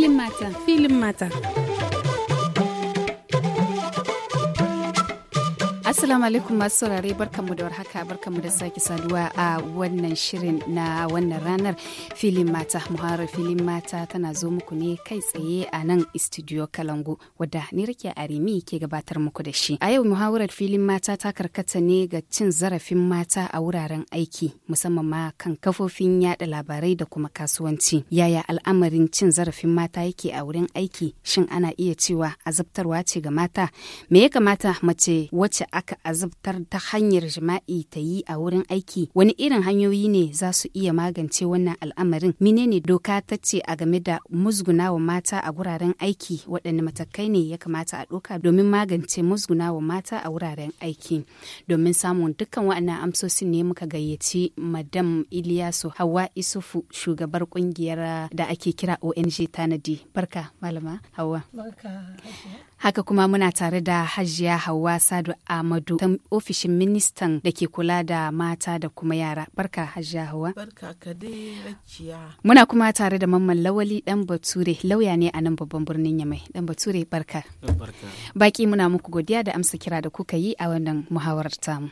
filin mata filin mata Assalamu alaikum masu saurare barkanmu da warhaka barkanmu da sake saduwa a wannan shirin na wannan ranar filin mata muhawarar filin mata tana zo muku ne kai tsaye a nan studio Kalangu wadda ni rike Arimi ke gabatar muku da shi. A yau muhawarar filin mata ta karkata ne ga cin zarafin mata a wuraren aiki musamman ma kan kafofin yada labarai da kuma kasuwanci. Yaya al'amarin cin zarafin mata yake a wurin aiki shin ana iya cewa azabtarwa ce ga mata? Me ya kamata mace wacce aka aka azabtar ta hanyar jima'i ta yi a wurin aiki wani irin hanyoyi ne za su iya magance wannan al'amarin menene doka ta ce a game da musgunawa mata a wuraren aiki waɗanne matakai ne ya kamata a ɗauka domin magance musgunawa mata a wuraren aiki domin samun dukkan waɗannan amsosin ne muka gayyaci madam iliyasu hawa isufu shugabar ƙungiyar da ake kira ong tanadi barka malama hawa Haka kuma muna tare da Hajiya hawa Sadu amadu ta ofishin ministan da ke kula da mata da kuma yara. Barka Hajiya Hauwa. Muna kuma tare da Mamman Lawali Dan Bature lauya ne a nan babban birnin Yamai. Dan Bature barka. Barka. Baki muna muku godiya da amsa kira da kuka yi a wannan muhawarar tamu.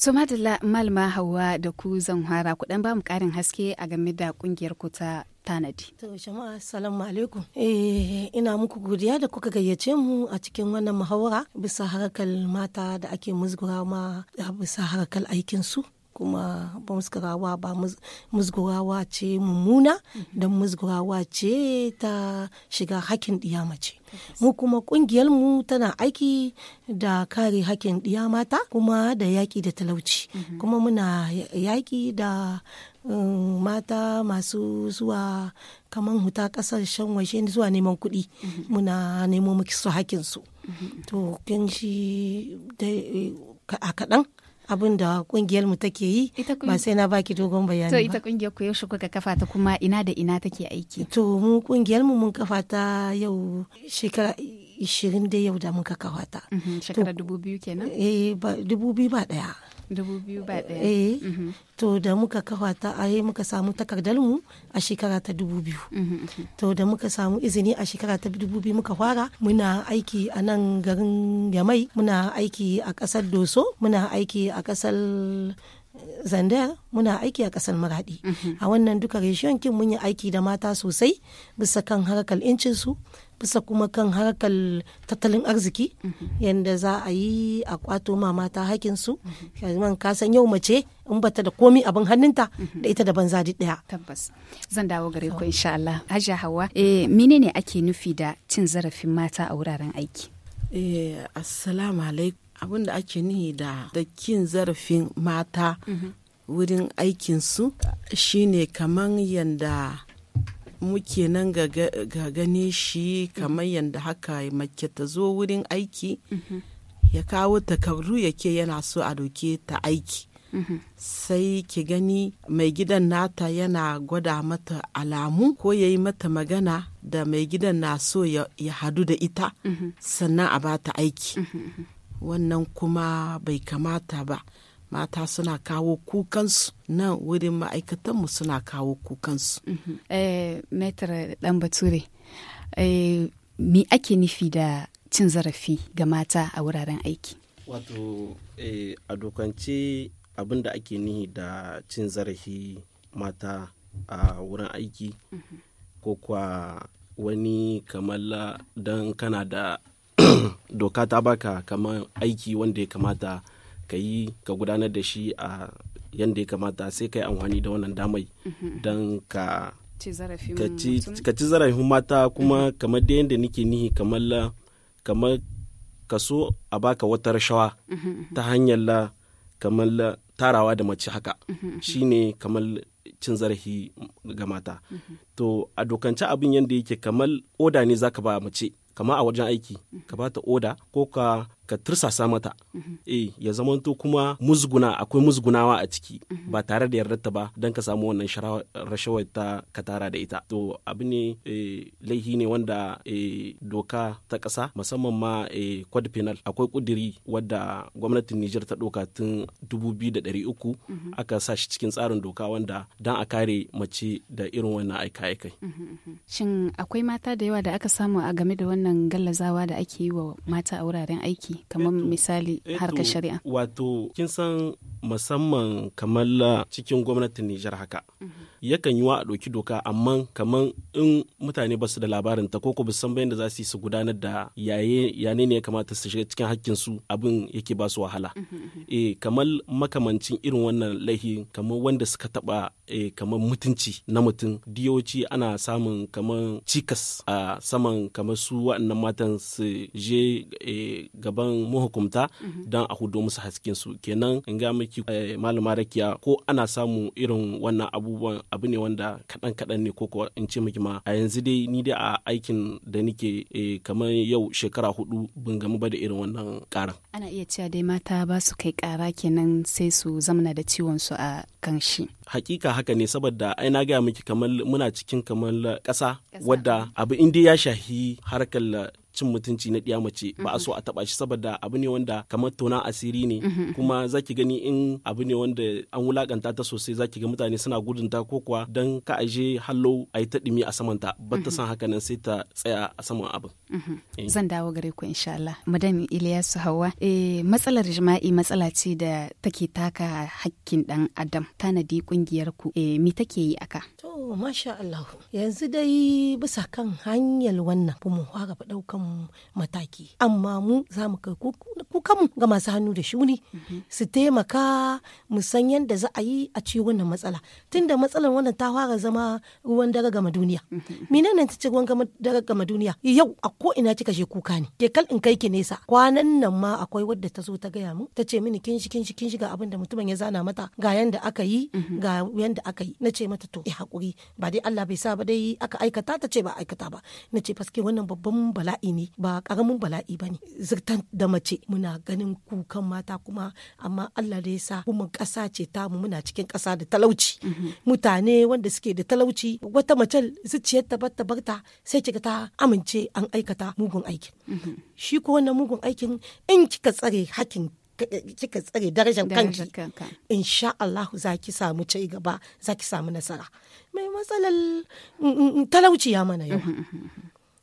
So Madalla Malma hawa da ku zan hara ku dan bamu karin haske a game da kungiyar ku ta tanadi. To jama'a salamu alaikum. Eh ina muku godiya da kuka gayyace mu a cikin wannan muhawara bisa harkar mata da ake musgura ma bisa harkar aikin su. kuma ba musgurawa ba musgurawa ce mummuna mhm. don musgurawa ce ta shiga hakin ɗiya mace mu kuma mu tana aiki da kare hakin ɗiya mata kuma da yaƙi da talauci mhm. kuma muna yaƙi da um, mata masu zuwa kamar huta kasashen waje zuwa neman kuɗi mhm. muna nemo su hakinsu to kin shi a kaɗan abin da kungiyar mu take yi ba sai na baki dogon bayani to ita kungiyar ku yaushe kuka kafa ta kuma ina da ina take aiki to mu kungiyar mu mun kafa ta yau shekara ishirin da yau da muka kafa ta mhm, shekara dubu biyu kenan eh dubu biyu ba daya eh mhm. to da muka kafa ta a muka samu takardar mu a shekara ta dubu biyu mhm, mhm, to da muka samu izini a shekara ta dubu biyu muka fara muna aiki a nan garin yamai muna aiki a ƙasar doso muna aiki a ƙasar zandar muna aiki a kasar maradi a wannan duka reshiyon kin mun yi aiki da mata sosai bisa kan harkar incinsu. bisa kuma kan harkar tattalin arziki mhm. yadda za a yi a kwato ma mata hakinsu man ka yau mace in bata da komi abin hannunta mhm. da ita da banza di daya tabbas zan dawo gare ku insha Allah haja hawa eh menene ake nufi da cin zarafin mata a wuraren aiki eh assalamu alaikum abin da ake nufi da da kin zarafin mata mhm. wurin aikin su shine kaman yanda muke nan ga gane shi kamar yadda haka mace ta zo wurin aiki mhm. ya kawo takardu yake yana so a doke ta aiki mhm. sai ki gani mai gidan nata yana gwada mata alamu ko ya yi mata magana da mai gidan na so ya hadu da ita mhm. sannan a bata aiki wannan kuma bai kamata ba mata suna kawo kukansu nan wurin ma'aikatanmu suna kawo kukansu. Mhm. Eh, Metra ɗan bature, eh, mi ake nufi da cin zarafi ga mata a wuraren aiki? Wato, eh, a dokance abin da ake nihi da cin zarafi mata a wurin aiki mhm. ko kwa wani kamar don kana da doka ta baka kamar aiki wanda ya kamata ka yi ka gudanar da shi a yadda ya kamata sai ka yi amfani da wannan damai mhm. don ka ci zarafin mata kuma mhm. kamar da yadda nike nihi kamar kamar ka so a baka wata rashawa mhm, ta hanyar la kamar tarawa da mace haka shine kamar cin zarafi ga mata to a dokance abin yadda yake kamar oda ne zaka ba mace kama a wajen aiki ka bata oda ko ka ka tursasa mata eh ya zamanto kuma musguna akwai musgunawa a ciki ba tare da ta ba don ka samu wannan rashawar ta ka tara da ita to abu ne eh, laihi ne wanda eh, doka ta ƙasa musamman ma kwad eh, penal akwai kudiri wadda gwamnatin Nijar ta doka tun 2300 aka sa shi cikin tsarin doka wanda don a kare mace da irin wannan aika-aikai. Shin akwai mata da yawa da aka samu a game da wannan gallazawa da ake yi wa mata a wuraren aiki? kamar misali harkar shari'a wato kin san musamman kamar cikin gwamnatin Nijar haka mm -hmm. yakan yi wa a ɗauki doka amma kamar in mutane ba su da labarin ta ko ba san bayan da za su yi su gudanar da yaye yane ne ya kamata su shiga cikin hakkin su abin yake ba su wahala mhm, mhm. eh kamar makamancin irin wannan laihi kamar wanda suka taba eh, kamar mutunci na mutum diyoci ana samun kamar cikas a saman kamar su waɗannan matan su je eh, gaban mahukumta mhm. don a hudo musu haskin su kenan in ga miki eh, malama rakiya ko ana samu irin wannan abubuwan abu ne wanda kaɗan kaɗan ne ko kuwa in ce miki ma a yanzu dai ni dai a aikin da nike eh, kamar yau shekara hudu ban gamu ba da irin wannan karan. Ana iya cewa dai mata ba su kai kara kenan sai su zamana da ciwon su a kan shi. Hakika haka ne saboda ai na gaya miki kamar muna cikin kamar ƙasa wadda abu in dai ya shahi harkar cin mutunci na ɗiya mace ba a mhm. so a taɓa shi saboda abu ne wanda kamar tona asiri ne mhm. kuma zaki gani in abu ne wanda an wulakanta ta sosai zaki ga mutane suna gudunta ko kuwa don ka aje hallo a yi ta ɗumi a samanta ba ta mhm. san haka nan sai ta tsaya a saman abin. Eh. Zan dawo gare ku insha Allah. Madam Ilyasu Hauwa, eh, matsalar jima'i matsala ce da take taka hakkin dan Adam tanadi kungiyar ku eh, me take yi aka? To masha Allah yanzu dai bisa kan hanyar wannan mu fara ɗaukan kan mataki amma mu za mu kai kukanmu ga masu hannu da shuni su taimaka mu san yadda za a yi a ci wannan matsala tunda matsalar wannan ta fara zama ruwan dare gama duniya mine nan ta ce ruwan dare gama duniya yau a ko ina kika je kuka ne ke kal in kai ki nesa kwanan nan ma akwai wadda ta zo ta gaya mu ta ce mini kin shi kin shi kin shi abin da mutumin ya zana mata ga yanda aka yi ga yanda aka yi na ce mata to ya hakuri ba dai Allah bai sa ba dai aka aikata ta ce ba aikata ba na ce faske wannan babban bala'i ne ba karamin bala'i ba ne zirtan da mace muna ganin kukan mata kuma amma allah da ya sa kuma ƙasa ce ta mu muna cikin ƙasa da talauci mhm. mutane wanda suke da talauci wata mace zuciyar ta barta ta sai kika ta amince an aikata mugun aikin mhm. shi ko wannan mugun aikin in kika tsare hakkin kika tsare darajar kanki insha Allah za ki samu ci gaba za ki samu nasara mai matsalar mm, mm, mm, talauci ya mana yau. Mhm,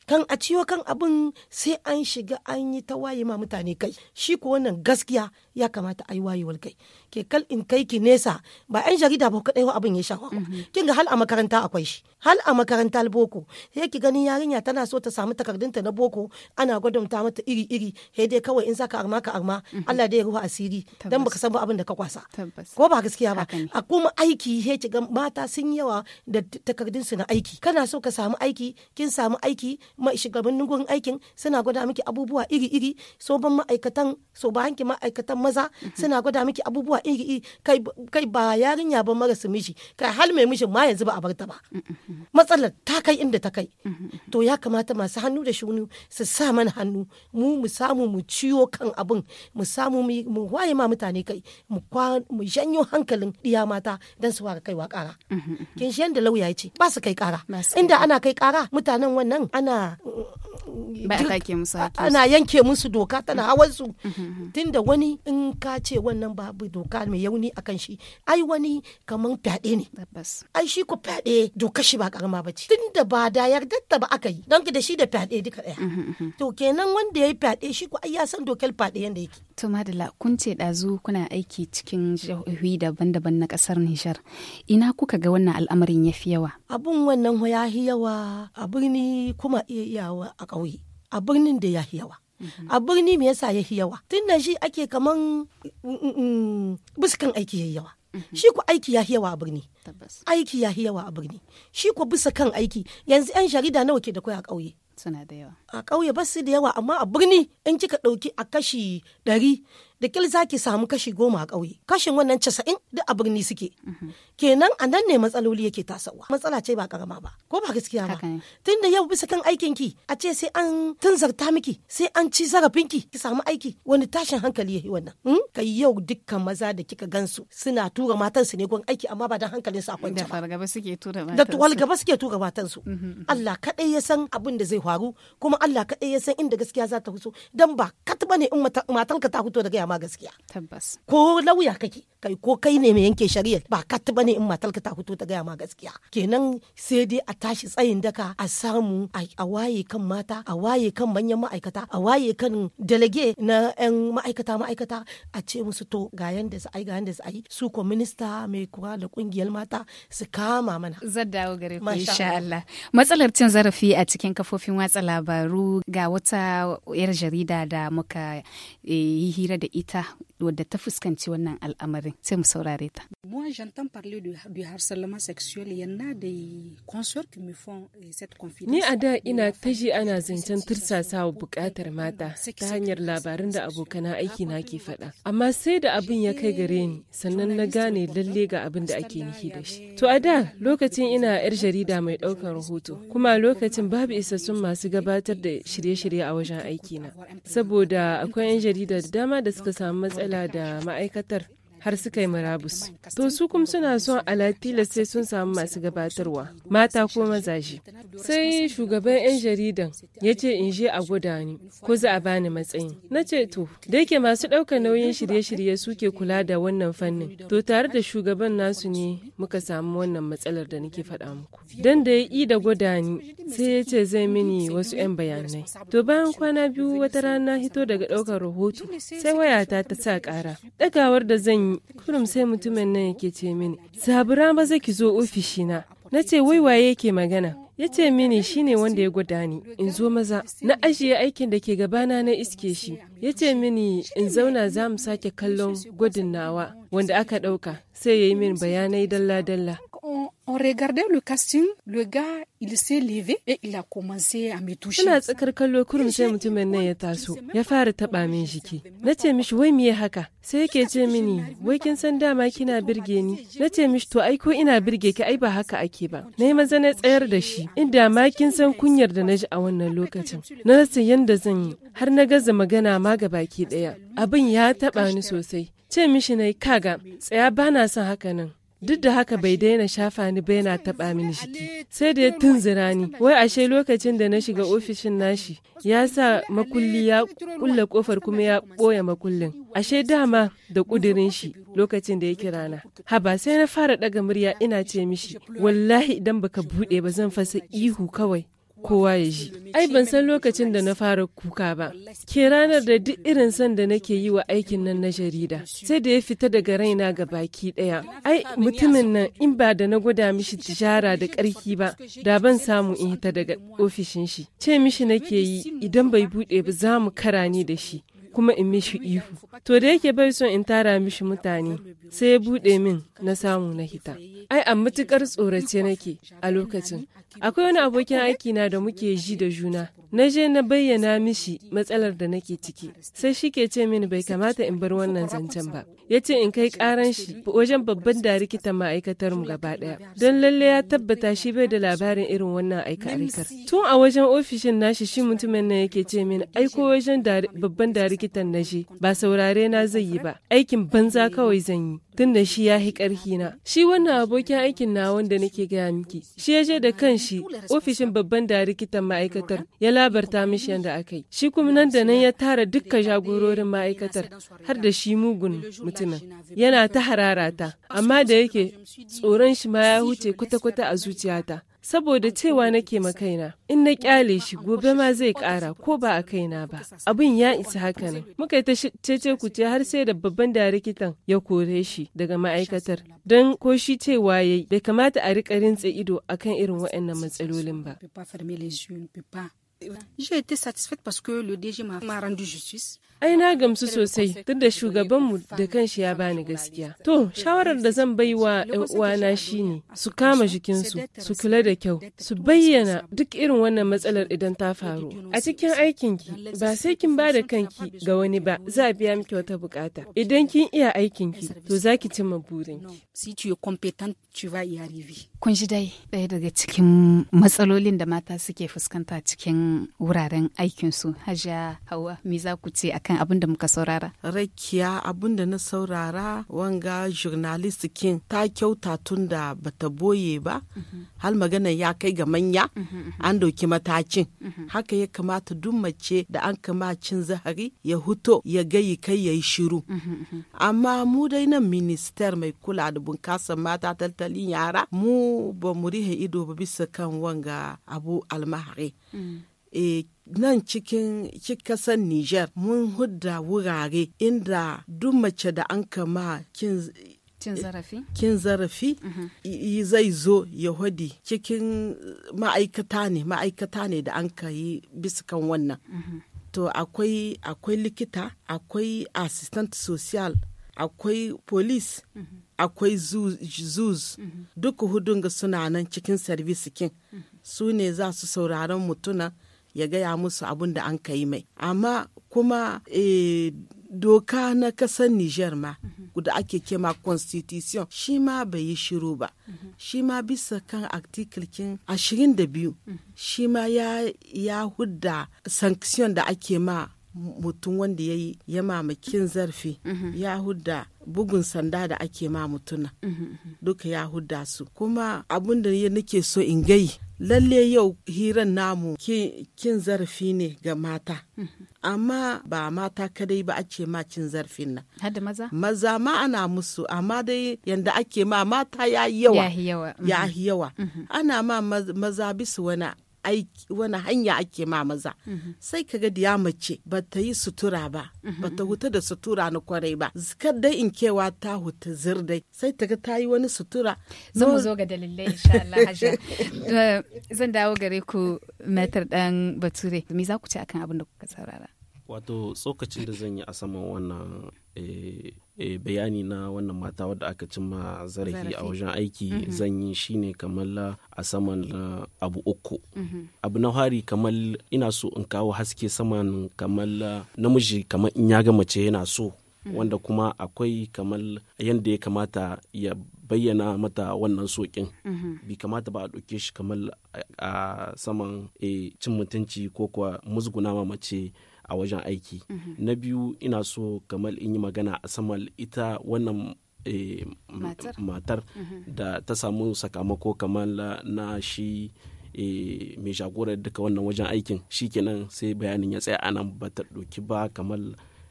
kan a ciwo kan abin sai an shiga an yi ta waye ma mutane kai shi ko wannan gaskiya ya kamata a yi wayewar kai ke kal in kai ki nesa ba yan jarida ba kadai abin ya shafa mhm. kin ga hal a makaranta akwai shi hal a makarantar boko sai ki ganin yarinya tana so ta samu takardunta na boko ana gwadonta mata iri iri he dai kawai in zaka arma ka arma mhm. Allah dai ya ruwa asiri dan baka san ba abin da ka kwasa ko ba gaskiya ba a kuma aiki he ki ga mata sun yawa da takardun su na aiki kana so ka samu aiki kin samu aiki ma shugabannin gurin aikin suna gwada miki abubuwa iri iri so ban ma'aikatan so ba hanki ma'aikatan maza mhm. suna gwada miki abubuwa iri iri kai ba yarinya ba su miji kai hal mai mijin ma yanzu ba a bar ta ba matsalar ta kai inda ta kai mhm. to ya kamata masu hannu da shuni su sa mana hannu mu mu samu mu ciwo kan abin mu samu mu waye ma mutane kai mu janyo hankalin iya mata don su waka kaiwa kara mhm, mhm. kin shi yanda lauya ya ce ba su kai kara inda ana kai kara mutanen wannan ana ana yanke musu doka tana hawan su tunda wani in ka ce wannan babu doka mai yauni akan shi ai wani kaman fyaɗe ne ai shi ko fyaɗe doka shi ba karama ba ce tun da ba da ta ba aka yi don da shi da fyaɗe duka ɗaya mm-hmm, mm-hmm. to kenan wanda ya yi fyaɗe shi ko ai ya san dokar fyaɗe yanda yake to madala kun ce ɗazu kuna aiki cikin jihohi daban-daban na ƙasar Nijar ina kuka ga wannan al'amarin ya fi yawa abun wannan ya yawa a birni kuma iya yawa a ƙauye a birnin da ya yawa mm-hmm. a birni me yasa ya yawa tun da shi ake kaman mm, mm, mm, buskan aiki yayi yawa Mm-hmm. shi ku aiki ya yawa a birni aiki ya yawa a birni shi ku bisa kan aiki yanzu yan jarida nawa ke da kai a ƙauye suna da yawa a kauye ba su da yawa amma a birni in kika ɗauki a kashi ɗari da kil za ki samu kashi goma a ƙauye kashin wannan casa'in duk a birni suke kenan a nan ne matsaloli yake tasawa matsala ce ba karama ba ko ba gaskiya ba tun da yau bisa kan aikin ki a ce sai an tunzarta miki sai an ci zarafin ki ki samu aiki wani tashin hankali yayi wannan hmm? kai yau dukkan maza da kika gansu suna tura matan su ne gon aiki amma ba dan hankalin su a kwance ba da suke tura matansu da mm-hmm, mm-hmm. Allah kaɗai ya san abin da zai faru kuma Allah kaɗai ya san inda gaskiya za ta huso dan ba kat ne in matarka ta huto daga ma gaskiya tabbas ko lauya kake kai ko kai ne mai yanke shari'ar ba kat ne in matarka ta fito ta gaya ma gaskiya kenan sai dai a tashi tsayin daka a samu a waye kan mata a waye kan manyan ma'aikata a waye kan dalage na yan ma'aikata ma'aikata a ce musu to ga yanda su ai ga yanda su su ko minista mai kura da kungiyar mata su kama mana zan dawo gare ku insha Allah matsalar cin zarafi a cikin kafofin watsa labaru ga wata yar jarida da muka eh, yi hira da ita wadda ta fuskanci wannan al'amarin sai mu saurare ta. Moi j'entends parler du, du harcèlement sexuel a des consorts qui me font euh, cette confidence. Ni a da ina ta ji ana zancen tursasawa bukatar mata ta hanyar labarin da abokan aiki na ke faɗa. Amma sai da abin ya kai gare ni sannan na gane lalle ga abin da ake nufi da shi. To a da lokacin ina yar jarida mai ɗaukar rahoto kuma lokacin babu isassun masu gabatar da shirye-shirye a wajen aikina saboda akwai 'yan jarida da dama da suka samu matsayi matsala da ma'aikatar har suka yi murabus. To su kuma suna son alatila sai sun samu masu gabatarwa, mata ko mazaje. Sai shugaban 'yan jaridan ya ce in je a gwada ni ko za a bani matsayin. Na ce to, da yake masu ɗaukar nauyin shirye-shirye suke kula da wannan fannin. To tare da shugaban nasu ne muka samu wannan matsalar da nake faɗa muku. Dan da ya yi da gwada ni sai ya ce zai mini wasu 'yan bayanai. To bayan kwana biyu wata rana hito daga ɗaukar rahoto sai wayata ta sa ƙara. Ɗagawar da zan kurum sai mutumin nan yake ce mini sabura maza ki zo ofishina na ce wai waye yake magana ya ce mini shine wanda ya gwada ni in zo maza na ajiye aikin da ke gabana na iske shi ya ce mini in zauna za mu sake kallon gwadin nawa wanda aka ɗauka sai ya yi min bayanai dalla-dalla on, on regardait le casting, le gars, il s'est levé et il a commencé à me toucher. Ina tsakar kallo kurum sai mutumin nan ya taso, ya fara taba min jiki. Na ce mishi wai me haka? Sai yake ce mini, wai kin san dama kina birge ni? Na ce mishi to ai ko ina birge ki ai ba haka ake ba. Na yi maza na tsayar da shi, inda ma kin san kunyar da na ji a wannan lokacin. Na rasa yanda zan yi, har na gaza magana ma ga baki daya. Abin ya taba ni sosai. Ce mishi na kaga, tsaya bana son haka nan. Duk da haka bai daina shafa ni ba na taɓa mini jiki. Sai da ya tunzura ni, wai ashe lokacin da na shiga ofishin nashi, ya sa makulli ya kulle kofar kuma ya ɓoye makullin. Ashe dama da ƙudirin shi lokacin da ya kira na. Haba sai na fara ɗaga murya ina ce mishi, wallahi idan baka buɗe ba zan fasa ihu kawai. kowa ya ji. Ai ban san lokacin da na fara kuka ba. Ke ranar da duk irin san da nake yi wa aikin nan na jarida. Sai da ya fita daga raina ga baki ɗaya. Ai mutumin nan in ba da na gwada mishi tijara da ƙarfi ba, da ban samu in hita daga ofishin shi. Ce mishi nake yi idan bai buɗe ba za mu kara ni da shi. kuma in mishi ihu to da yake bai son in tara mishi mutane sai ya buɗe min na samu na hita ai a matukar tsorace nake a lokacin akwai wani abokin aiki na da muke ji da juna na je na bayyana mishi matsalar da nake ciki sai shi ke ce mini bai kamata in bar wannan zancen ba ya ce in kai karan shi wajen babban darikitan ma'aikatar mu gaba daya don lalle ya tabbata shi bai da labarin irin wannan aika tun a wajen ofishin nashi shi mutumin nan yake ce mini aiko wajen babban darikitan likitan na je ba saurare na zai yi ba aikin banza kawai zan yi tun da shi ya yi karhi na shi wannan abokin aikin na wanda nake gaya miki shi ya je da kan shi ofishin babban likitan ma'aikatar ya labarta mishi yadda aka yi shi kuma nan da nan ya tara dukkan jagororin ma'aikatar har da shi mugun mutumin yana ta hararata amma da yake tsoron shi ma ya huce kwata-kwata a zuciyata saboda cewa nake makaina in na kyale shi gobe ma zai kara ko ba a kaina ba abin ya isa haka Muka muka ta cece kuce har sai da babban darikitan ya kore shi daga ma'aikatar don ko shi cewa yi bai kamata a rika rintse ido akan irin waɗannan matsalolin ba Ai na gamsu sosai duk da shugabanmu da kanshi ya bani gaskiya. To, shawarar da zan bai wa ‘yan uwana shine su kama jikinsu, su kula da kyau, su bayyana duk irin wannan matsalar idan ta faru. A cikin aikinki, ba sai kin ba da kanki ga wani ba, za a biya miki wata bukata. Idan kin iya aikinki, to za ki cimma burinki. Kun shi dai ɗaya daga cikin matsalolin da mata suke fuskanta cikin wuraren aikinsu, Hajiya Hauwa, me za ku ce a kan abin da muka saurara rakiya abin da na saurara wanga journalist kin ta kyauta tun da bata boye ba mhm. hal magana ya kai ga manya mhm, mhm. an doki matakin haka ya kamata duk mace da an kama cin zahari ya huto ya gayi kai ya yi shiru amma mu dai nan minister mai kula da bunkasan mata tattalin yara mu ba mu rihe ido ba bisa kan wanga abu almahari mm. eh, nan cikin kasar Nijar mun hudda wurare inda duk mace da an kama kin kin zarafi mhm. zai zo ya hudi cikin ma'aikata ne ma'aikata ne da an ka yi bisa wannan mhm. to akwai akwai likita akwai assistant social akwai police mhm. akwai zuz duk hudun ga suna nan cikin service kin su ne za su sauraron mutunan ya gaya musu abin da an kai mai amma kuma e, doka na kasar Nijar ma mhm. da ake kema constitution shi ma bai yi shiru ba mhm. shi ma bisa kan artikulkin 22 mhm. shi ma ya, ya hudda sanction da ake ma mutum wanda ya yi ya mamakin zarfi ya hudda bugun sanda da ake ma mutuna duka ya hudda su kuma abin da nake so in gai lalle yau hiran namu kin zarafi ne ga mata mhm. amma ba mata kadai ba ake ma cin zarafin nan hada maza maza ma ana musu amma dai yanda ake ma mata ya yawa ya yawa mhm. Mhm. ana ma maza bisu wani wani hanya ake ma maza mhm. sai kaga diya mace ba ta yi sutura ba mhm. ba ta huta da sutura na kwarai ba zikar dai in kewa ta huta zir dai sai ta ga ta yi wani sutura zan zo ga dalilai insha Allah eh, zan dawo gare ku matar dan bature me za ku ci akan abin da kuka saurara wato tsokacin da zan yi a saman wannan eh, eh, bayani na wannan mata wadda aka cimma zarafi a wajen aiki mhm. zan yi shine kamar a saman abu uku mhm. abu na hari kamar ina so in kawo haske saman kamar namiji kamar in ya ga mace yana so mhm. wanda kuma akwai kamar yadda ya kamata ya bayyana mata wannan sokin bi kamata ba a ɗauke shi kamar a saman eh, cin mutunci ko kuwa musguna mace a wajen aiki mhm. na biyu ina so kamar in yi magana a saman ita wannan e, matar mhm. da ta samu sakamako kamar na shi e, mai jagorar duka wannan wajen aikin shi kenan sai bayanin ya tsaya anan ba ta ɗauki ba kamar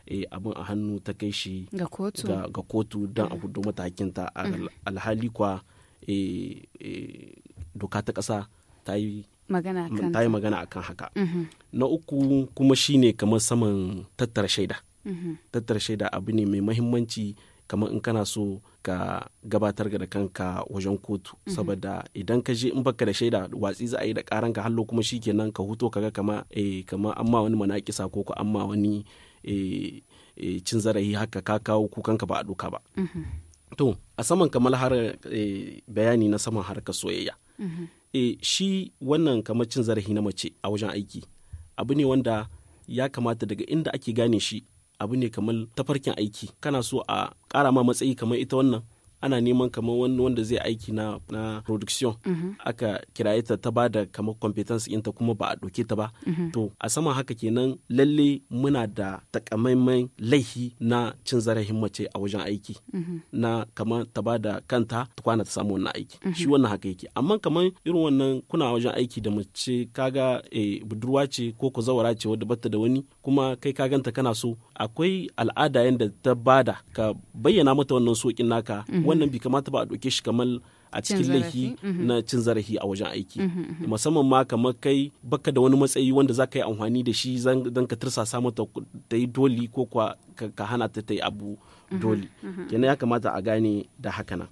e, abin a hannu ta kai shi ga kotu don a mhm. hudu matakinta alhali kwa doka ta ƙasa ta yi magana kan ta yi magana akan haka mm-hmm. na uku kuma shine kamar saman tattara shaida mm-hmm. tattara shaida abu ne mai mahimmanci kamar in kana so ka gabatar da kanka wajen kotu mm-hmm. saboda idan ka je in baka da shaida watsi za a yi da ka hallo kuma shikenan ka huto kaga kama eh kama an wani manakisa ko ko an wani eh, eh cin zarafi haka ka kawo kukan ka ba a doka ba to a saman kamar har eh, bayani na saman harkar soyayya e shi wannan kamar cin zarafi na mace a wajen aiki abu ne wanda ya kamata daga inda ake gane shi abu ne kamar tafarkin aiki kana so a ƙara ma matsayi kamar ita wannan ana neman kamar wani wanda zai aiki na na production mhm. aka kiraye ta ta bada kamar competence ɗinta kuma ba a ɗauke ta ba mhm. to a sama haka kenan lalle muna da takamaiman laifi na cin zarafin mace a wajen aiki mhm. na kamar ta bada kanta ta kwana ta samu wannan aiki shi wannan haka yake amma kamar irin wannan kuna wajen aiki da mace kaga eh, budurwa ce ko kuzawara ce wadda bata da wani kuma kai ka ganta kana so akwai al'ada yadda ta bada ka bayyana mata wannan sokin naka mhm. wannan bi kamata ba a ɗauke shi kamar a cikin laifi mhm. na cin zarafi a wajen aiki mhm, musamman ma kamar kai baka da wani matsayi wanda za ka yi amfani da shi don ka tursasa mata ta yi doli ko ka hana ta ta yi abu doli kenan ya kamata a gane da haka nan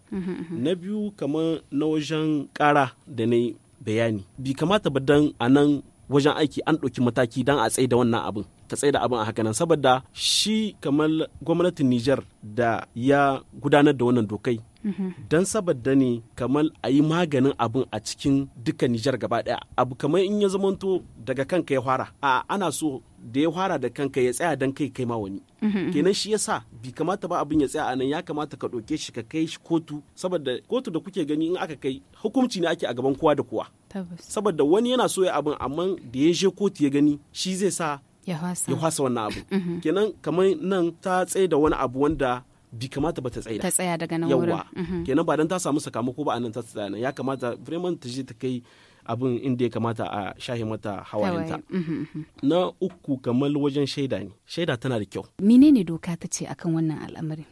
na biyu kamar na wajen kara da na bayani bi kamata ba dan a nan wajen aiki an ɗauki mataki don a tsaye da wannan abin ta tsaye da abin a hakanan saboda shi kamar gwamnatin Nijar da ya gudanar da wannan dokai mhm. don saboda ne kamar a yi maganin abin a cikin duka Nijar gaba daya abu kamar in ya zamanto daga kanka ya fara a ana so da ya fara da kanka ya tsaya don kai kai ma wani mhm. kenan shi yasa bi kamata ba abin ya tsaya anan ya kamata ka ɗauke shi ka kai shi kotu saboda kotu da kuke gani in aka kai hukunci ne ake a gaban kowa da kowa saboda wani yana so ya abin amma da ya je kotu ya gani shi zai sa ya fasa wannan abu mhm. kenan kamar nan ta tsaye da wani abu wanda bi kamata ba ta tsaye ta tsaya daga nan wurin mhm. kenan ba dan ta samu sakamako ba anan ta tsaya nan ya kamata vraiment ta je ta kai abin inda ya kamata a shahi mata hawayenta mhm, na uku kamar wajen shaida ne shaida tana da kyau menene doka ta ce akan wannan al'amarin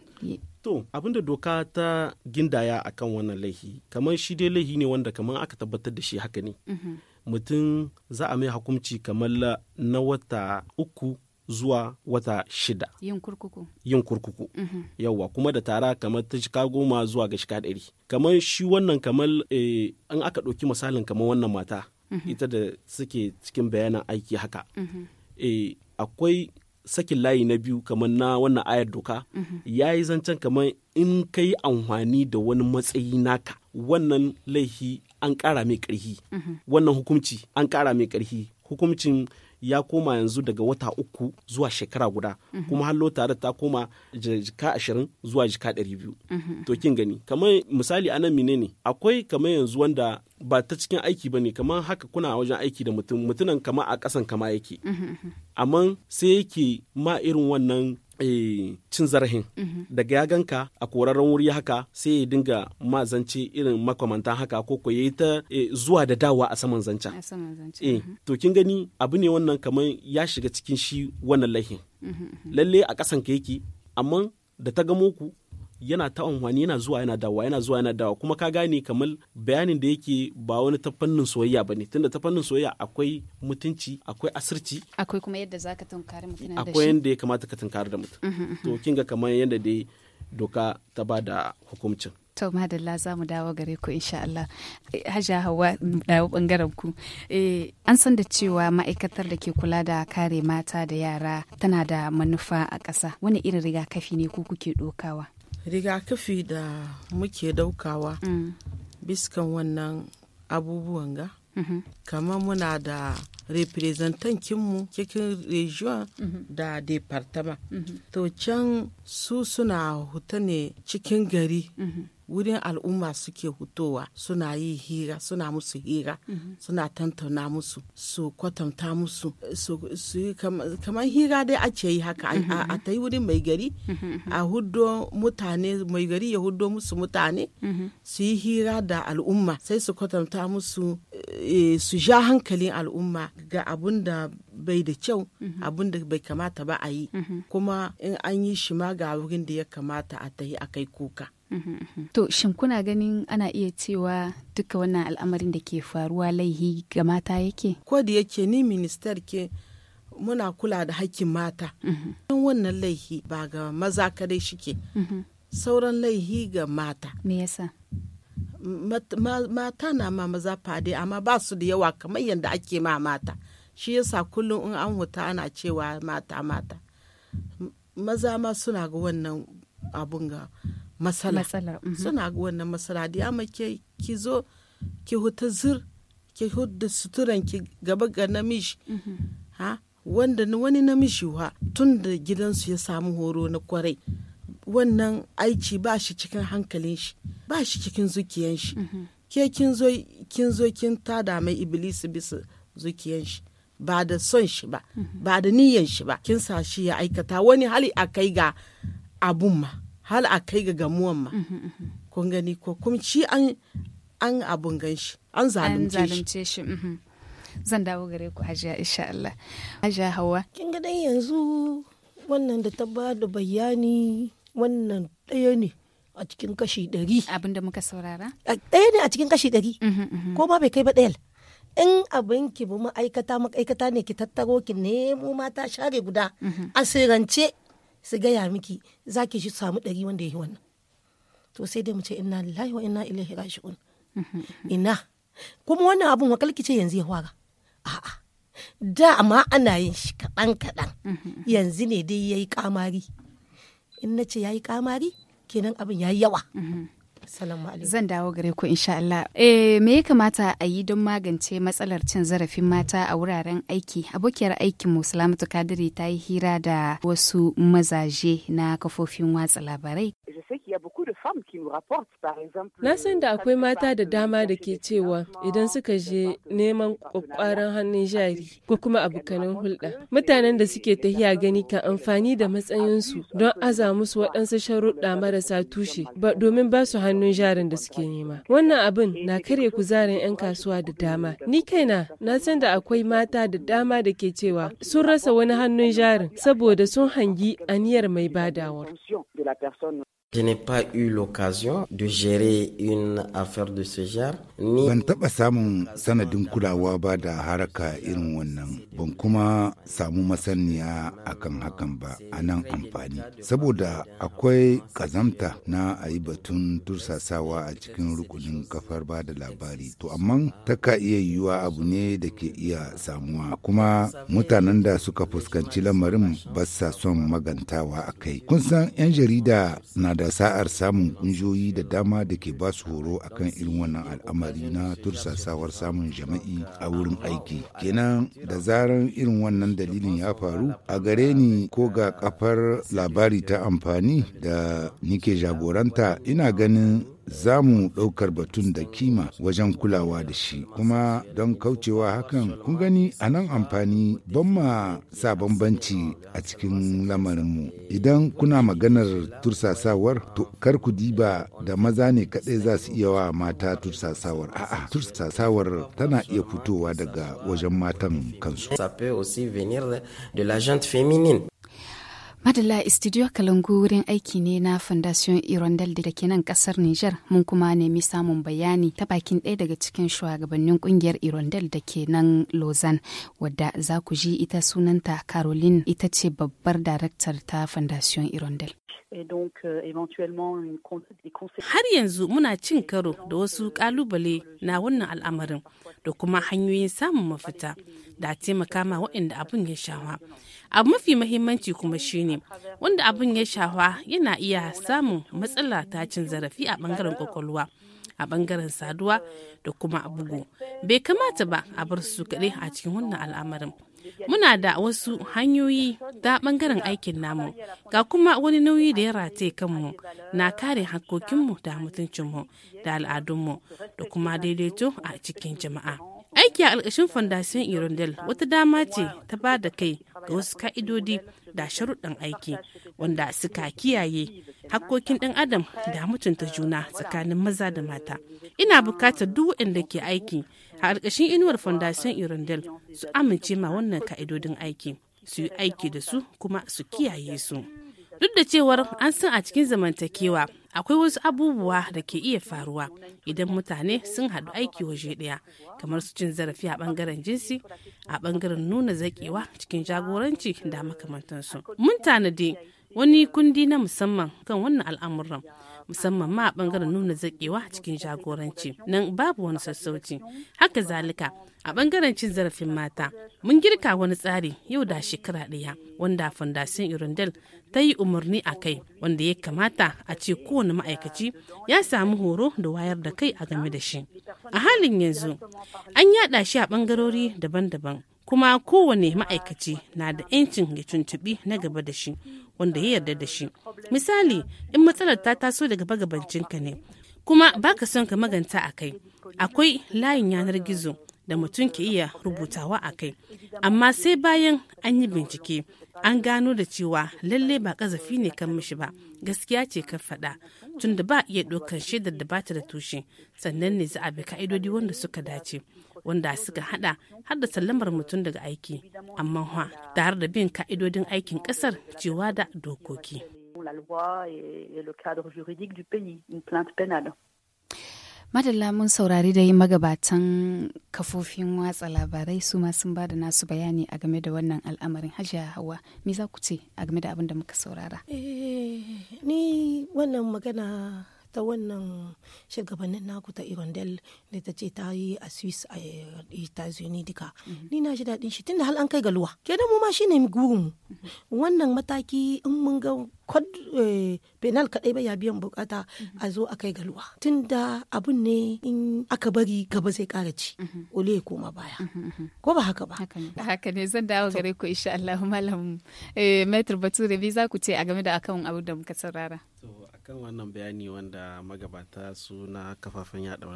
To, abinda doka ta gindaya akan wannan laihi, kamar shi dai laihi ne wanda kamar aka tabbatar da shi haka ne. mutum za a mai hukunci kamar na wata uku zuwa wata shida yin kurkuku yin kurkuku mm -hmm. yawwa kuma da tara kamar ta shika goma zuwa ga shika ɗari kamar shi wannan kamar e, eh, an aka ɗauki misalin kamar wannan mata mhm. ita da suke cikin bayanan aiki haka mhm. eh, akwai sakin layi na biyu kamar na wannan ayar doka mhm. ya yi zancen kamar in ka yi amfani da wani matsayi naka wannan laifi an ƙara mai ƙarfi wannan hukumci an ƙara mai ƙarfi hukumcin ya koma yanzu daga wata uku zuwa shekara guda kuma hallo tare ta koma jika ashirin zuwa jika ɗari biyu mm to kin gani kamar misali anan mine ne akwai kamar yanzu wanda ba ta cikin aiki ba ne kamar haka kuna wajen aiki da mutum mutunan kama a ƙasan kama yake amma sai yake ma irin wannan Eh, cin zarahin daga ya ganka a korarren wuri haka sai ya dinga ma zance irin makamantan haka ko ko yi ta eh, zuwa da dawa a saman zancen eh, mhm. to kin gani abu ne wannan kamar ya shiga cikin shi wannan lahin mhm, mhm. lalle a kasan ka yake amma da ta gamo ku yana ta wani yana zuwa yana dawa yana zuwa yana dawa kuma ka gane kamar bayanin da yake ba wani ta fannin soyayya ba ne tunda ta fannin soyayya akwai mutunci akwai asirci akwai kuma yadda za ka tunkari mutum da shi akwai yadda ya kamata ka tunkari da mutum mm-hmm, mm-hmm. to kin ga kamar yadda dai doka ta ba da hukuncin to madalla za mu dawo gare ku insha Allah haja hawa dawo bangaren ku eh, an san da cewa ma'aikatar da ke kula da kare mata da yara tana da manufa a ƙasa wani irin rigakafi ne ku kuke dokawa rigakafi da muke daukawa mm. biskan wannan abubuwan ga mm-hmm. kamar muna da representantinmu cikin region mm-hmm. da departama mm-hmm. to can su suna huta ne cikin gari wurin al'umma suke hutowa suna yi hira suna musu hira mhm. suna tantauna musu su kwatanta musu su yi kamar hira dai ake yi haka a mhm. ta yi wurin mai gari mhm. a hudo mutane mai gari ya hudo musu mutane su yi hira da al'umma sai su kwatanta musu eh, su ja hankalin al'umma ga abun da bai da kyau mhm. abin da bai kamata ba a yi mhm. kuma in an yi shi ma ga wurin da ya kamata a tahi a kai kuka mhm, to shin kuna ganin ana iya cewa duka wannan al'amarin da ke faruwa laihi ga mata yake ko da yake ni ministar ke muna kula da hakkin mata don wannan laihi ba ga maza kadai shike sauran laihi ga mata me yasa mata na ma maza fade amma ba su da yawa kamar yadda ake ma mata shi yasa kullum in an huta ana cewa mata mata maza ma suna ga wannan abun ga masala mhm. suna ga wannan masala da yamma ke ki zo ki huta zir ki huta suturan ki gaba ga namiji mhm. ha wanda wani namiji wa tun da gidansu ya samu horo na kwarai wannan aiki ba shi cikin hankalin shi ba shi cikin zukiyan shi mhm. ke kin zo kin tada mai iblis bisa zukiyan shi ba da son shi ba ba da niyan shi ba kin sa shi ya aikata wani hali a kai ga abun ma hali a kai ga gamuwan ma kun gani ko kuma shi an an abun gan shi an zalunce shi mhm. zan dawo gare ku hajiya insha Allah hajiya hawa kin ga dai yanzu wannan da ta ba da bayani wannan ɗaya ne a cikin kashi ɗari abinda muka saurara ɗaya ne a cikin kashi ɗari mhm, mhm. ko ma bai kai ba ɗayal in abin ki bi ma'aikata ma'aikata ne ki tattaro ki nemo mata share guda mhm. A sirance su gaya miki za ki samu ɗari wanda ya yi wannan to sai dai mu ce inna lillahi wa inna ilaihi raji'un mhm, mhm. ina kuma wannan abun wakalki ce yanzu ya fara a'a da amma ana yin shi kaɗan kaɗan yanzu ne dai yayi kamari in na ce ya yi kamari kenan abin ya yi yawa Zan dawo gare ku insha Allah. Eh me ya kamata a yi don magance matsalar cin zarafin mata a wuraren aiki? Abokiyar aikin mu Salamatu Kadiri ta yi hira da wasu mazaje na kafofin watsa labarai. Na san da akwai mata da dama da ke cewa idan suka je neman kwakwaran hannun jari ko kuma abokanan hulɗa. Mutanen da suke tahiya gani ka amfani da matsayinsu don aza musu waɗansu sharuɗa marasa tushe domin ba su hannun hannun jarin da suke nema. Wannan abin na karya kuzarin 'yan kasuwa da dama. Ni kaina na san da akwai mata da dama da ke cewa sun rasa wani hannun jarin saboda sun hangi aniyar mai badawar. Je n'ai pas eu l'occasion de gérer une affaire de ce genre. Ni... Ban taɓa samun sanadin kulawa ba da haraka irin wannan, ban kuma samu masaniya akan hakan ba a nan amfani. Saboda akwai kazamta na a yi batun tursasawa a cikin rukunin kafar ba da labari. To amma ta ka iya yiwuwa abu ne da ke iya samuwa. Kuma mutanen da suka fuskanci lamarin ba sa son magantawa a kai. Kun san 'yan jarida na da sa'ar samun kungiyoyi da dama da ke ba su horo akan irin wannan al'amari na tursasawar samun jama'i a wurin aiki kenan da zaran irin wannan dalilin ya faru a gare ni ko ga kafar labari ta amfani da nike jagoranta ina ganin za mu ɗaukar batun da kima wajen kulawa da shi kuma don kaucewa hakan kun gani a nan amfani ban ma sa bambanci a cikin lamarinmu idan kuna maganar tursasawar to kar ku diba da maza ne kaɗai za su iya wa mata tursasawar a'a tursasawar tana iya fitowa daga wajen matan kansu Madalla Studio Kalangu wurin aiki ne na Fondation Irondel da ke nan kasar Nijar mun kuma nemi samun bayani ta bakin ɗaya daga cikin shugabannin kungiyar Irondel da ke nan Lausanne wadda za ku ji ita sunanta Caroline ita ce babbar daraktar ta Fondation Irondel. Euh, Har yanzu muna cin karo da wasu kalubale na wannan al'amarin da kuma hanyoyin samun mafita da taimaka ma waɗanda abin ya shawa abu mafi mahimmanci kuma shine wanda abin ya shawa yana iya samun matsala ta cin zarafi a ɓangaren kwakwalwa a ɓangaren saduwa da kuma bugu bai kamata ba a bar su kaɗai a cikin wannan al'amarin Muna da wasu hanyoyi ta bangaren aikin namu, ga kuma wani nauyi da ya rataye kanmu na kare hakokinmu da mutuncinmu da al'adunmu da kuma daidaito a cikin jama'a. Aiki a alkashin Fondation Irondel wata dama ce ta ba da kai ga wasu ka'idodi da sharuɗan aiki wanda suka kiyaye hakkokin ɗan adam da mutunta juna tsakanin maza da mata. Ina bukatar duk waɗanda ke aiki a alkashin inuwar Fondation Irondel su amince ma wannan ka'idodin aiki, su yi aiki da su kuma su kiyaye su. Duk da cewar an san a cikin zamantakewa akwai wasu abubuwa da ke iya faruwa idan mutane sun haɗu aiki waje ɗaya kamar su cin zarafi a ɓangaren jinsi a ɓangaren nuna zaƙewa cikin jagoranci da makamantansu. Mun tanadi wani kundi na musamman kan wannan al'amuran musamman ma a bangaren nuna zakewa cikin jagoranci nan babu wani sassauci haka zalika a bangaren cin zarafin mata mun girka wani tsari yau da shekara ɗaya wanda fondasiyon irundel ta yi umarni a kai wanda ya kamata a ce kowane ma'aikaci ya samu horo da wayar da kai a game da shi a halin yanzu an yada shi a bangarori daban-daban kuma kowane ma'aikaci na da 'yancin ya tuntubi na gaba da shi wanda ya yarda da shi misali in matsalar ta taso daga bagabancinka ne kuma baka son ka maganta a kai akwai layin yanar gizo da mutum ke iya rubutawa a kai amma sai bayan an yi bincike an gano da cewa lallai ba kazafi ne kan mishi ba gaskiya ce ka faɗa tunda ba iya ɗaukar shaidar da bata da tushe sannan ne za a bi ka'idodi wanda suka dace wanda suka hada har da sallamar mutum daga aiki amma ha tare da bin ka'idodin aikin ƙasar cewa da dokoki. la loi et, et le cadre juridique madalla mun saurari da dai magabatan kafofin watsa labarai su ma sun ba da nasu bayani a game da wannan al'amarin hajiya hawa me za ku ce a game da abin da muka saurara eh ni wannan magana ta wannan shugabannin naku ta irondel da ta ce ta yi a swiss a etazuni duka mhm. ni na ji daɗin shi tunda hal an kai galuwa. ke mu ma ne gurin mu mhm. wannan mataki in mun ga kod e, penal kaɗai ba ya biyan bukata mhm. a zo a kai galuwa. tun tunda abun ne in aka bari gaba zai kara ci ole koma baya ko ba haka ba haka ne zan dawo gare ku insha Allah malam e, Maitre Bature bi za ku ce a game da akan abu da muka saurara kan wannan bayani wanda magabata su na kafafen yada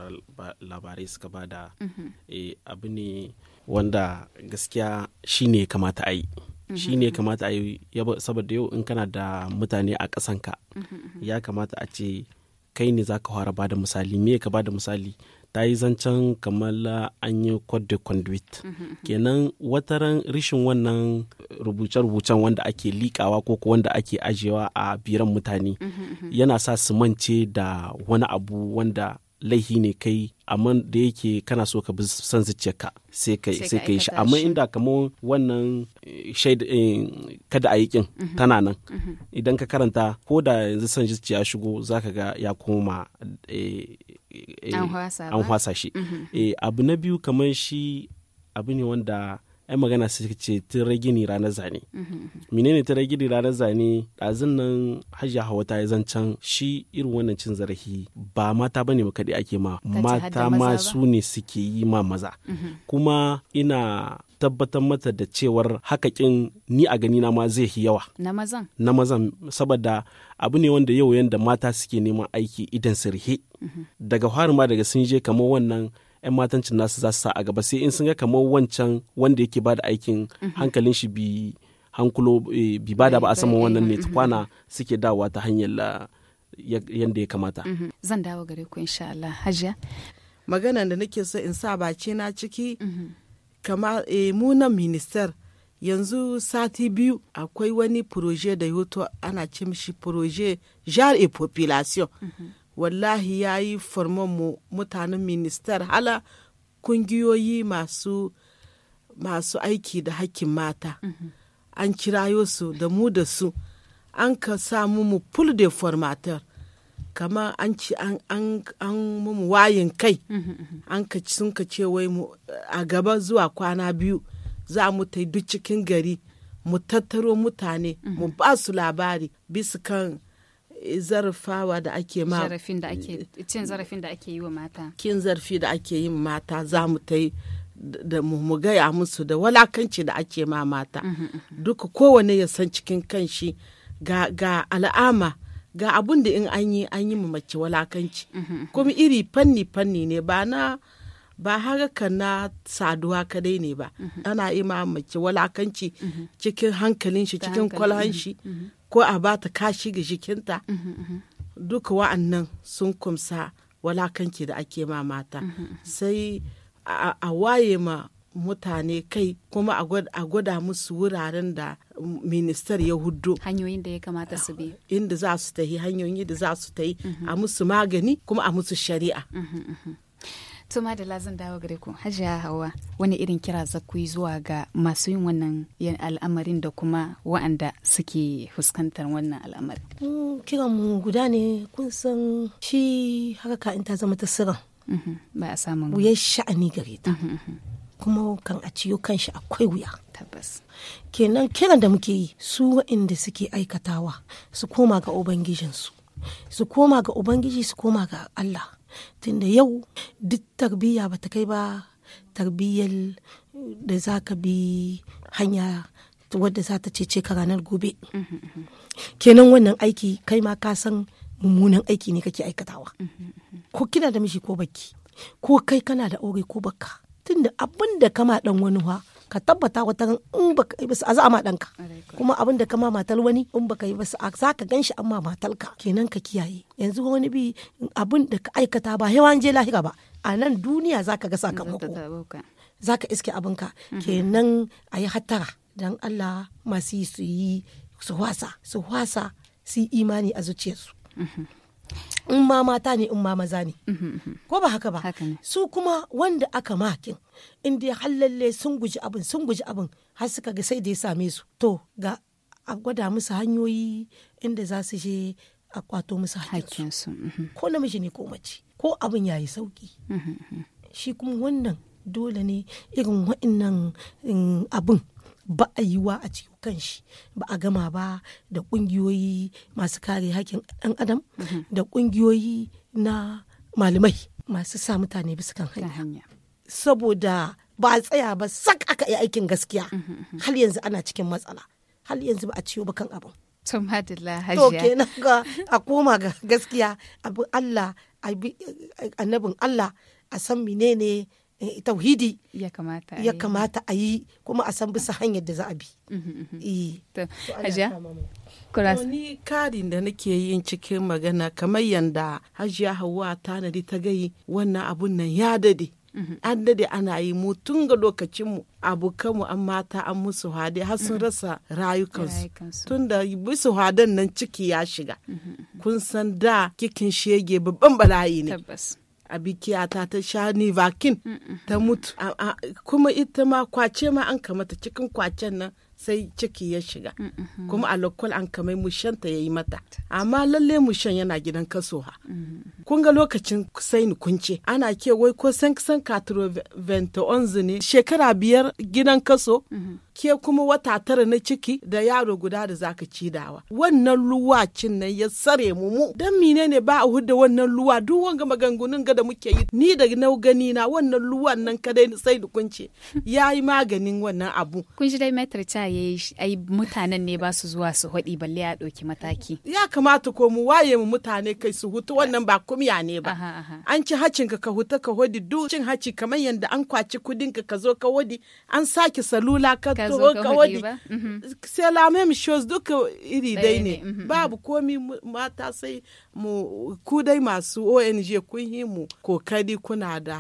labarai suka bada mhm. eh, abu ne wanda gaskiya shine kamata a yi mhm. ne kamata a yi saboda yau in kana da mutane a kasanka mhm, ya kamata a ce kai ne za ka fara bada misali me ka ba da misali ta yi zancen kamala an yi code de conduit kenan wataran rishin wannan rubuce-rubucen wanda ake likawa ko wanda ake ajiyewa a biran mutane yana sa su mance da wani abu wanda laihi ne kai amma da yake kana so ka bi san zuciya sai ka sai ka yi shi amma inda kamar wannan eh, shaida eh, kada a yi tana nan mm-hmm. idan ka karanta ko da yanzu san zuciya shigo zaka ga ya koma eh, Eh, an hwasa shi mhm. eh, abu na biyu kamar shi abu ne wanda ai magana su ce ta gini ranar zane menene ta ragini ranar zane ɗazun nan hajiya hawa ta yi zancen shi irin wannan cin zarafi ba mata bane ba kaɗai ake ma mata ma su ne suke yi ma maza mhm. kuma ina tabbatar mata da cewar hakakin ni a gani na ma zai yi yawa na mazan saboda abu ne wanda yau yanda mata suke neman aiki idan sirhe mhm. daga ma daga sun je kamar wannan 'yan matancin nasu za su sa a gaba sai in sun ga kamar wancan wanda yake bada aikin hankalin shi bi hankulo eh, bi da ba a saman wannan ne ta kwana suke dawa ta hanyar yadda ya kamata. Mhm. Zan dawo gare ku insha Allah hajiya. Magana da nake so in sa bace na ciki mhm. kama eh, mu minister yanzu sati biyu akwai wani proje da yoto ana ce mishi proje jar et population. Mhm. wallahi ya yi mu mutanen ministar hala kungiyoyi masu masu aiki da hakkin mata mhm. an kirayo su da mu da su an ka samu mu pull de formateur kamar an ci an mu wayin kai mm an ka sun ka ce wai mu a gaba zuwa kwana biyu za mu ta duk cikin gari mu tattaro mutane mhm. mu ba su labari bisu kan Zarafawa da ake ma zarafin da ake cin zarafin da ake yi wa mata kin zarfi da ake yi mata za mu ta yi da mu gaya musu da walakanci da ake ma mata duka kowane ya san cikin kanshi ga ga al'ama ga abun da in an yi an yi mace walakanci kuma iri fanni fanni ne ba na ba haka na saduwa kadai ne ba ana ima mace walakanci cikin hankalin shi cikin kwalhan shi ko a bata kashi ga jikinta duka wa'annan sun kumsa walakanci da ake ma mata sai a waye ma mutane kai kuma a gwada musu wuraren da ministar ya hudu hanyoyin da ya kamata su bi inda za su tahi hanyoyin da za su tahi a musu magani kuma a musu shari'a to da zan dawo gare ku hajiya hawa wani irin kira za yi zuwa ga masu yin wannan al'amarin da kuma wa'anda suke fuskantar wannan al'amarin mm, kiran mu guda ne kun san shi ka in ta zama ta siran mm-hmm. ba a samun wuyar sha'ani gare ta mm-hmm, mm-hmm. kuma kan a ciyo kanshi akwai wuya tabbas kenan kiran da muke yi su wa'inda suke aikatawa su koma ga ubangijinsu su koma ga ubangiji su koma ga Allah tunda yau duk tarbiyya ba ta kai ba tarbiyyar da za ka bi hanya wadda za ta cece ka ranar gobe kenan wannan aiki kai ma ka san mummunan aiki ne kake aikatawa ko kina da mishi ko baki ko kai kana da aure ko baka tunda abin da kama dan wani wa ka tabbata wata in a yi basu azama danka kuma abin ka ma matal wani in baka yi basu za ka ganshi amma matalka kenan ka kiyaye yanzu wani bi abin da ka aikata ba yawan je lahira ba a nan duniya za ka ga sakamako za ka iske abinka mhm. kenan a yi hattara don Allah masu yi su yi su wasa su wasa su imani a zuciyarsu. Mhm. in ma mata ne in ma maza ne mhm, mhm. ko ba haka ba su kuma wanda aka makin inda dai halalle sun guji abin sun guji abin har suka ga sai da ya same su to ga a gwada musu hanyoyi inda za su je a kwato musu su. Mhm. ko namiji ne ko mace ko abin ya yi sauki shi kuma wannan dole ne irin wa'annan abin ba a wa a cikin kan shi ba a gama ba da kungiyoyi masu kare hakkin ɗan adam mhm. da kungiyoyi na malamai masu sa mutane bisa kan hanya saboda ba a tsaya ba sak aka yi aikin gaskiya mhm, mhm. har yanzu ana cikin matsala har yanzu ba a ciwo ba kan abin to madalla hajiya kenan ga a koma ga gaskiya abin Allah eh, annabin Allah a san menene Eh, tauhidi ya kamata ya kamata a yi kuma a san bisa hanyar da za a bi mhm, mhm, mhm. Eh. ni karin da nake yin cikin magana kamar yanda hajiya hawa tanadi ta gai wannan abun nan ya dade an dade ana yi mu tun ga lokacinmu abokanmu an mata an musu hade har sun rasa rayukansu tun da musu hadan nan ciki ya shiga kun san da kikin shege babban bala'i ne a bikiyata ta sha nivakin ta mutu kuma ita ma kwace ma an kamata cikin kwacen nan sai ciki ya shiga kuma a lokal an kamai mushanta ya yi mata amma lalle mushan yana gidan kasoha. Kunga kun ga lokacin sai ni kunce ana ke wai ko san san katro ne shekara biyar gidan kaso ke kuma wata tara na ciki da yaro guda da zaka ci dawa wannan luwa cin nan ya sare mu mu dan menene ba a hudda wannan luwa duk wanga maganganun ga da muke yi ni da na gani na wannan luwan nan kadai sai da kunce yayi maganin wannan abu kun shi dai metar ta yayi ai mutanen ne ba su zuwa su hodi balle ya doki mataki ya kamata ko mu waye mu mutane kai su hutu wannan ba kumya ne ba an ci hacin ka ka hutu ka hodi duk cin haci kamar yanda an kwaci kudin ka ka zo ka hodi an saki salula ka zo ka wadi mm-hmm. sai la duka iri dai ne mm-hmm. babu komi mata sai mu ku dai masu ONG kun yi mu kokari kuna da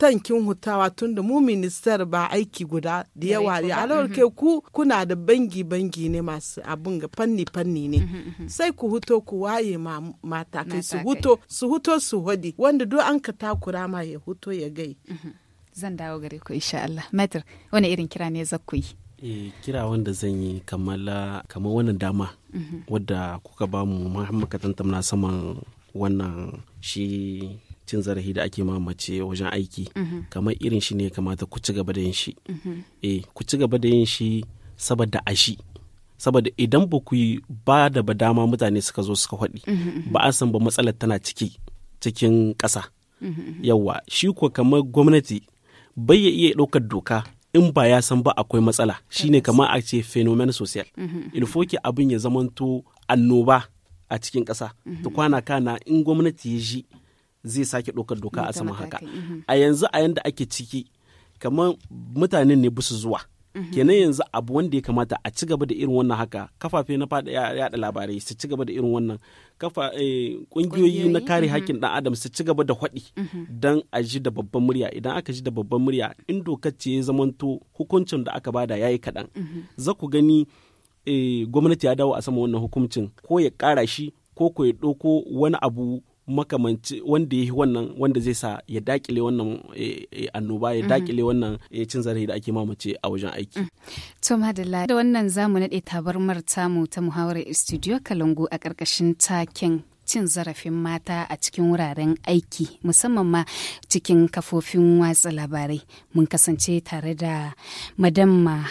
tankin hutawa tunda mu minister ba aiki guda da yawa ne alawar mm-hmm. ku kuna da bangi bangi ne masu abun ga fanni fanni ne sai ku huto ku waye ma mata kai su huto su huto su hodi wanda duk an ka takura ma ya huto ya gai zan dawo gare ku insha Allah matar wani irin kira ne zaku yi e kira wanda zan yi kamar wannan dama mhm. wadda kuka ba mu mahammaka na saman wannan shi cin zarafi da ake mamace wajen aiki mhm. kamar irin shi ne kamata ku ci gaba da yin shi e ku ci gaba da yin shi saboda shi. saboda idan ba ku yi ba da ba dama mutane suka zo suka faɗi ba a san ba matsalar tana ciki cikin ƙasa yawwa shi ko kamar gwamnati bai ya iya ɗaukar doka in ba ya san ba akwai matsala shine kaman a ce phenomenon social mm-hmm. ilfoki abin ya zamanto annoba a cikin ƙasa ta mm-hmm. kwana kana in gwamnati ya ji zai sake ɗaukar doka a sama haka mm-hmm. a yanzu a yanda ake ciki kamar mutanen ne busu zuwa Mhm. kenan yanzu abu wanda ya kamata a ci gaba da irin wannan haka kafafe na fada yada labarai su ci gaba da irin wannan kafa kungiyoyi eh, na kare mhm. hakkin dan adam su ci gaba da hwadi mhm. dan a ji da babban murya idan aka ji da babban murya in dokar ce ya zamanto hukuncin da aka bada yayi kaɗan za ku gani eh, gwamnati ya dawo a sama wannan hukuncin ko ya kara shi ko ko ya ɗauko wani abu makamanci wanda ya yi wannan wanda zai sa ya dakile wannan eh, eh, annoba ya mhm. dakile wannan eh, cin zarafi da ake mamace a wajen aiki. Mm. To Madalla da wannan zamu naɗe tabarmar tamu ta muhawarar studio Kalangu a ƙarƙashin takin cin zarafin mata a cikin wuraren aiki musamman ma cikin kafofin watsa labarai mun kasance tare da madamma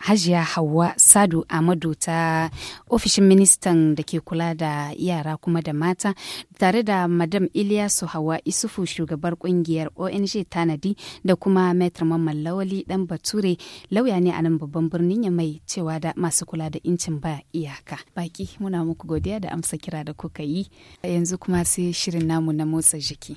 Hajiya Hauwa Sadu Amadu ta ofishin ministan da ke kula da yara kuma da mata tare da Madam Iliyasu Hauwa Isufu shugabar kungiyar ONG Tanadi da kuma Maitre Mamman Lawali dan Bature lauya ne a nan babban birnin ya mai cewa da masu kula da incin ba iyaka. Baki muna muku godiya da amsa kira da kuka yi yanzu kuma sai shirin namu na motsa jiki.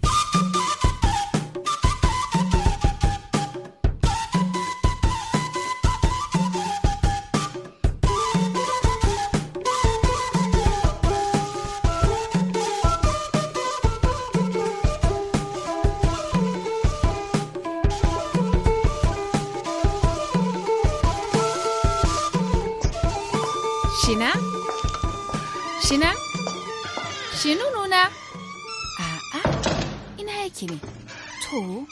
yake ne to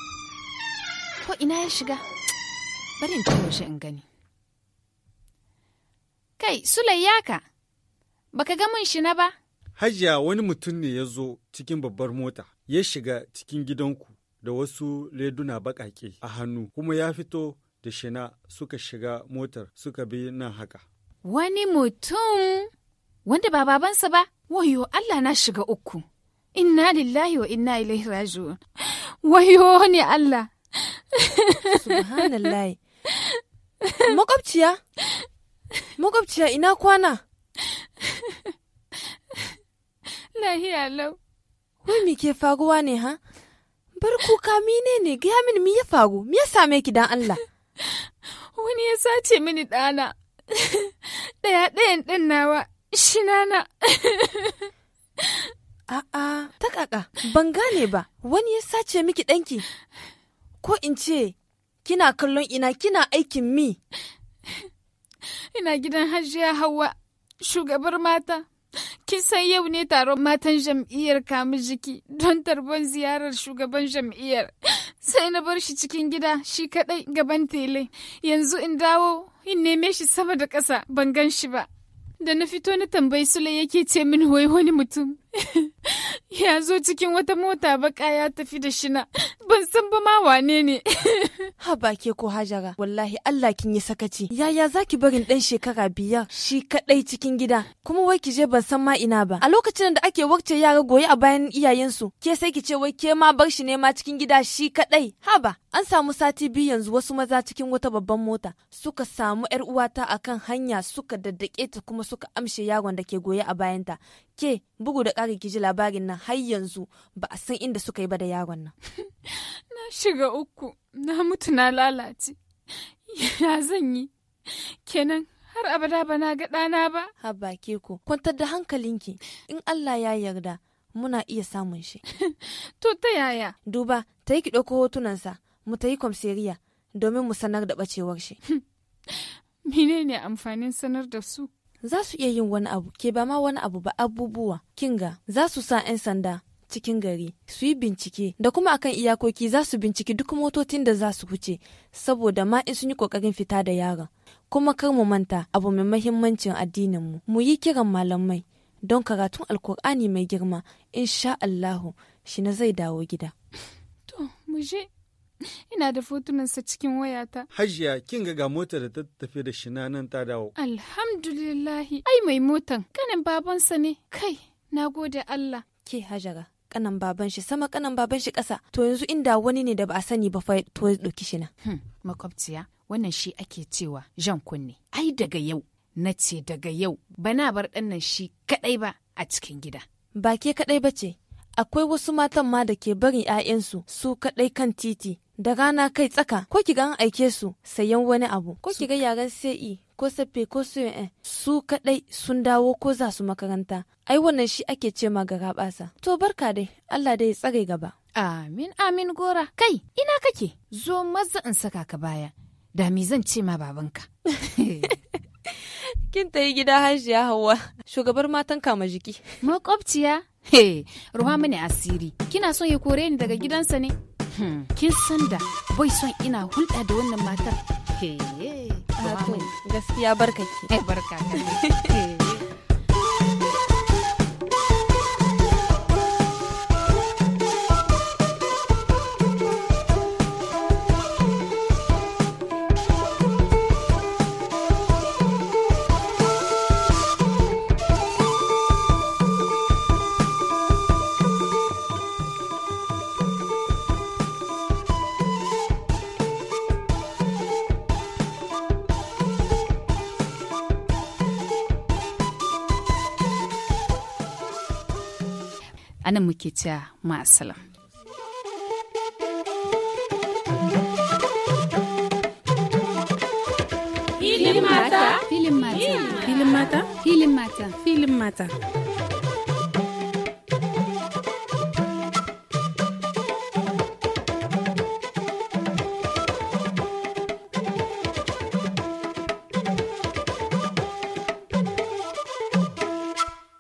ko ina ya shiga bari in tuno shi in gani kai sulayyaka baka ga mun shi na ba hajiya wani mutum ne ya zo cikin babbar mota ya shiga cikin gidanku da wasu leduna baƙaƙe a hannu kuma ya fito da shina suka shiga motar suka bi nan haka wani mutum wanda ba babansa ba wayo allah na shiga uku inna lillahi wa inna ilaihi raji'un wayo ne Allah subhanallahi makwabciya makwabciya ina kwana lahiya lau wai me ke faguwa ne ha bar kuka mine ne gaya min me ya fagu me ya same ki dan Allah wani ya sace mini ɗana ɗaya ɗayan ɗin nawa shinana A'a, ta kaka, ban gane ba, wani ya sace miki ɗanki. Ko in ce, kina kallon ina kina aikin mi. Ina gidan hajiya hawa shugabar mata. Kin san yau ne taron matan jam'iyyar kamu jiki don tarbon ziyarar shugaban jam'iyyar. Sai na bar shi cikin gida shi kaɗai gaban tele. Yanzu in dawo in neme shi sama da ƙasa ban gan shi ba. Da na fito na tambayi Sule yake ce min wai wani mutum ya zo cikin wata mota baka ya tafi da shina ban san ba ma wane ne haba ke ko hajara wallahi Allah kin yi sakaci yaya zaki barin dan shekara biyar shi kadai cikin gida kuma wai ki je ban san ma ina ba a lokacin da ake wacce yara goyi a bayan iyayensu ke sai ki ce wai ke ma bar shi ne ma cikin gida shi kadai haba an samu sati biyu yanzu wasu maza cikin wata babban mota suka samu yar uwata akan hanya suka daddake ta kuma suka amshe yaron da ke goye a bayanta ke bugu da kare ki ji labarin nan har yanzu ba a san inda suka yi ba da yaron nan. na shiga uku, na mutu na lalace. Ya zan yi? Kenan har abada ba na ga ɗana ba. Habba ke ku, kwantar da hankalinki in Allah ya yarda muna iya samun shi. to ta yaya? Duba, ta yi ki ɗauko hotunansa, mu ta yi kwamseriya domin mu sanar da ɓacewar shi. Menene amfanin sanar da su? za su iya yin wani abu ke ba ma wani abu ba abubuwa kinga za su sa 'yan sanda cikin gari su yi bincike da kuma akan iyakoki za su binciki duk motocin da za su wuce saboda ma in sun yi kokarin fita da yaron kuma kar mu manta abu mai mahimmancin addininmu mu yi kiran malamai don karatun alkur'ani mai girma insha Allahu shi na zai dawo gida to mu je Ina da fotunansa cikin wayata. Hajiya, kin ga mota da ta tafi da shi nan ta dawo. Alhamdulillahi, ai mai motan, kanin babansa ne. Kai, na gode Allah. Ke hajara, kanan baban shi sama kanan baban shi ƙasa. To yanzu inda wani ne da ba a sani ba fa to ɗauki shi nan. Hmm, makwabciya, wannan shi ake cewa jan kunne. Ai daga yau, na ce daga yau, bana bar ɗannan shi kaɗai ba a cikin gida. Ba ke kaɗai ba ce, akwai wasu matan ma da ke barin 'ya'yansu su kaɗai kan titi da rana kai tsaka ko ki ga an aike su sayan wani abu ko ki ga yaran sai e, ko saffe ko eh su kadai sun dawo ko za su makaranta ai wannan shi ake ce ma garabasa to barka dai Allah dai ya tsare gaba amin amin gora kai ina kake zo maza in saka ka baya da mi zan ce ma babanka kin ta yi gida hajiya hawa shugabar matan kama jiki makwabciya he ruwa mini asiri kina son ya kore ni daga gidansa ne Hmm. kin san da bai son ina hulɗa da wannan matar gaskiya barka ke eh, barka anan muke cewa ma'asala. Filin mata, filin mata, filin mata, filin mata, filin mata.